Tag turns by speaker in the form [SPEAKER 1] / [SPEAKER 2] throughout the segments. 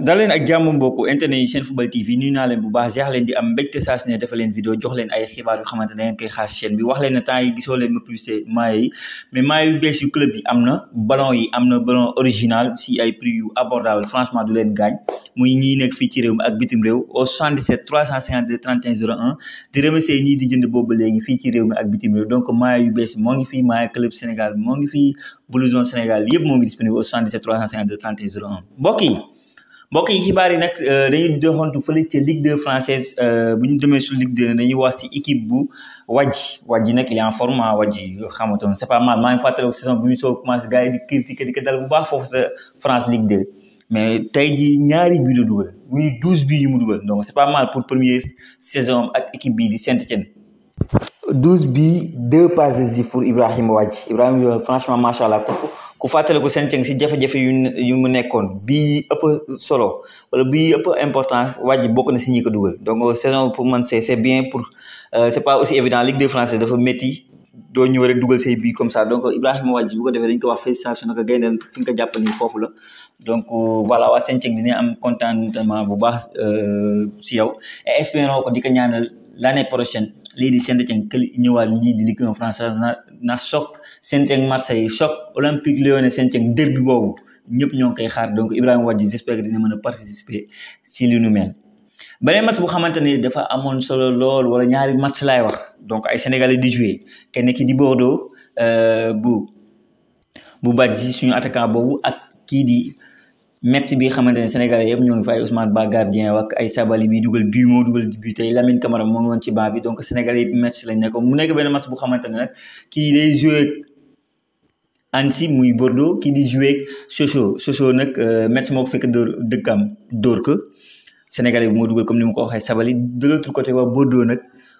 [SPEAKER 1] dal leen ak jàmm mbokku internet yi seen football tv nuyu naa leen bu baax jeex leen di am mbégte saa su ne dafa leen vidéo jox leen ay xibaar yu xamante ne ngeen koy xaar chaîne bi wax leen ne temps yi gisoo leen ma publicité maillot yi mais maillot yu bees yu club yi am na ballon yi am na ballon original si ay prix yu abordable franchement du leen gaañ muy ñii nekk fii ci réew mi ak bitim réew au 77 352 31 01 di remercier ñii di jënd boobu léegi fii ci réew mi ak bitim réew donc maillot yu bees moo ngi fii maillot club Sénégal moo ngi fii blouson Sénégal yëpp moo ngi disponible au 77 352 31 01 mbokk yi Bokki yi xibaar yi nag euh, dañuy doxantu feulé ci Ligue 2 française euh, bu ñu demee su Ligue 2 dañuy wax ci équipe bu Wadji Wadji nak il est en forme hein, Wadji xamatoon c'est pas mal maa ngi fàttaliku saison bu ñu soo commencé gars yi di critiquer di ko dal bu baax fofu sa France Ligue 2 mais tey ji ñaari bi la dugal muy 12 bi yu mu dugal donc c'est pas mal pour première saison ak équipe bi di Saint-Étienne 12 bi deux passes décisives pour Ibrahim Wadji Ibrahim franchement machallah allah ku fàttaliku ko cëng si jafe-jafe yu yu mu nekkoon bii ëpp solo wala bii ëpp importance wàjj bokk na si ñi ko dugal donc saison pour man c'est c'est bien pour euh, c'est pas aussi évident Ligue 2 française dafa métti doo ñëw rek dugal say bii comme ça donc Ibrahima wàjj bu ko defee dañ ko wax félicitation naka gaynde fi nga ko jàppal nii foofu la donc voilà waa seen dina am contentement bu baax euh, si yow et espérons ko di ñaanal l'année prochaine lii di Saint-Étienne këli ñëwaat lii di Ligue 1 française na na choc Saint-Étienne Marseille choc Olympique Lyonnais Saint-Étienne derby boobu ñëpp ñoo ngi koy xaar donc Ibrahima Wadji j'espère que dina mën a participer si li nu mel. beneen match bu xamante ne dafa amoon solo lool wala ñaari match laay wax donc ay sénégalais di jouer kenn ki di Bordeaux euh, bu bu Badji suñu attaquant boobu ak kii di. match bi xamante ne Sénégalais yëpp ñoo ngi fa ay Ousmane Ba gardien ak ay Sabali bi dugal bii moo dugal bi tey Lamine Camara moo ngi woon ci baa bi donc Sénégalais yëpp match lañ nekkoon mu nekk benn match bu xamante ne nag kii day joué muy Bordeaux kii di joué ak Sochaux Sochaux nag match euh, moo ko fekk dóor dëkkam dóor ko Sénégalais bi moo dugal comme ni ma ko waxee Sabali de l'autre côté waa Bordeaux nag.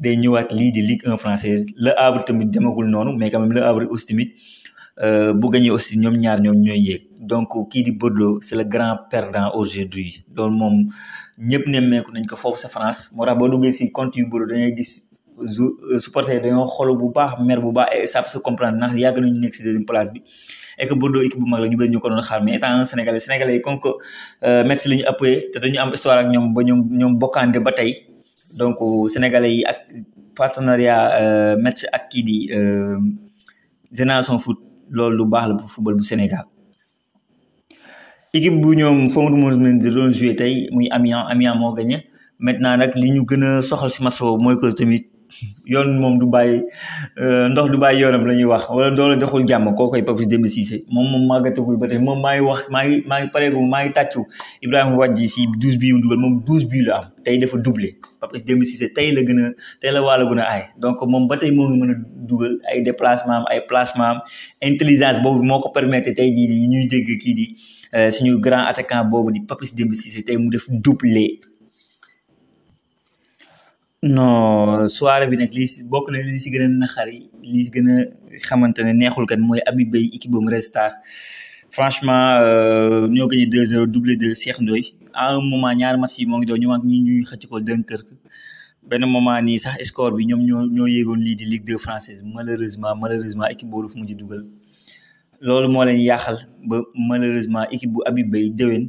[SPEAKER 1] day ñëwaat lii di Ligue 1 française Le Havre tamit demagul noonu mais quand même Le Havre aussi tamit euh, bu gagné aussi ñoom ñaar ñoom ñooy yéeg donc kii di Bordeaux c' est le grand perdant aujourd'hui loolu moom ñëpp nemmeeku nañ ko foofu sa France moo tax boo duggee si compte yu Bordeaux dañuy gis euh, supporters dañoo xool bu baax mer bu baax et ça peut se comprendre ndax yàgg nañu nekk si deuxième place bi et que Bordeaux équipe bu mag la ñu bëri ñu ko doon xaar mais étant un sénégalais sénégalais yi comme que euh, Metz la ñu appuyé te dañu am histoire ak ñoom ba ñoom ñoom bokkaande ba tey donc sénégalais yi ak partenariat euh, match ak kii di euh, génération foot loolu lu baax la pour football bu Sénégal. équipe bu ñoom Fongue Mourine di doon joué tey muy Amiens Amiens moo gagné maintenant nag li ñu gën a soxal si match mooy que tamit. yoon moom du bàyyi euh, ndox du bàyyi yoonam la ñuy wax wala doole doxul jàmm koo koy Papis Demba Cissé moom moom màggatagul ba tey moom maa ngi wax maa ngi maa ngi pareegu maa ngi tàccu Ibrahima Wadji si douze bii mu dugal moom douze bii la am tey dafa doublé Papis Demba Cissé tey la gën a tey la waala gën a aay donc moom ba tey moo mën a dugal ay déplacement ay placement am intelligence boobu moo ko permettre tey jii nii ñuy dégg kii di euh, suñu grand attaquant boobu di Papis Demba Cissé tey mu def doublé non soirée bi nag lii bokk na lii si gën a naxari lii si gën a xamante neexul kan mooy abi Beye équipe boobu Red Star franchement euh, ñoo gagné 2-0 doublé de Cheikh Ndoye à un moment ñaari match yi moo ngi doon ñu mag ñi ñuy kër Dunkerque benn moment nii sax score bi ñoom ñoo ñoo yéegoon lii di Ligue 2 française malheureusement malheureusement équipe boobu dafa mujj dugal loolu moo leen yàqal ba malheureusement équipe bu Habib Beye déwén.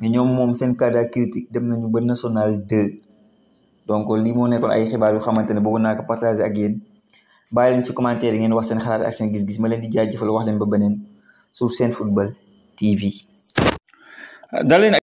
[SPEAKER 1] mais ñoom moom seen cadre critique dem nañu ba national 2 donc lii moo nekkoon ay xibaar yu xamante ne boobu naa ko partagé ak yéen bàyyi leen ci commentaire yi ngeen wax seen xalaat ak seen gis-gis ma leen di jaajëfal wax leen ba beneen sur seen football TV.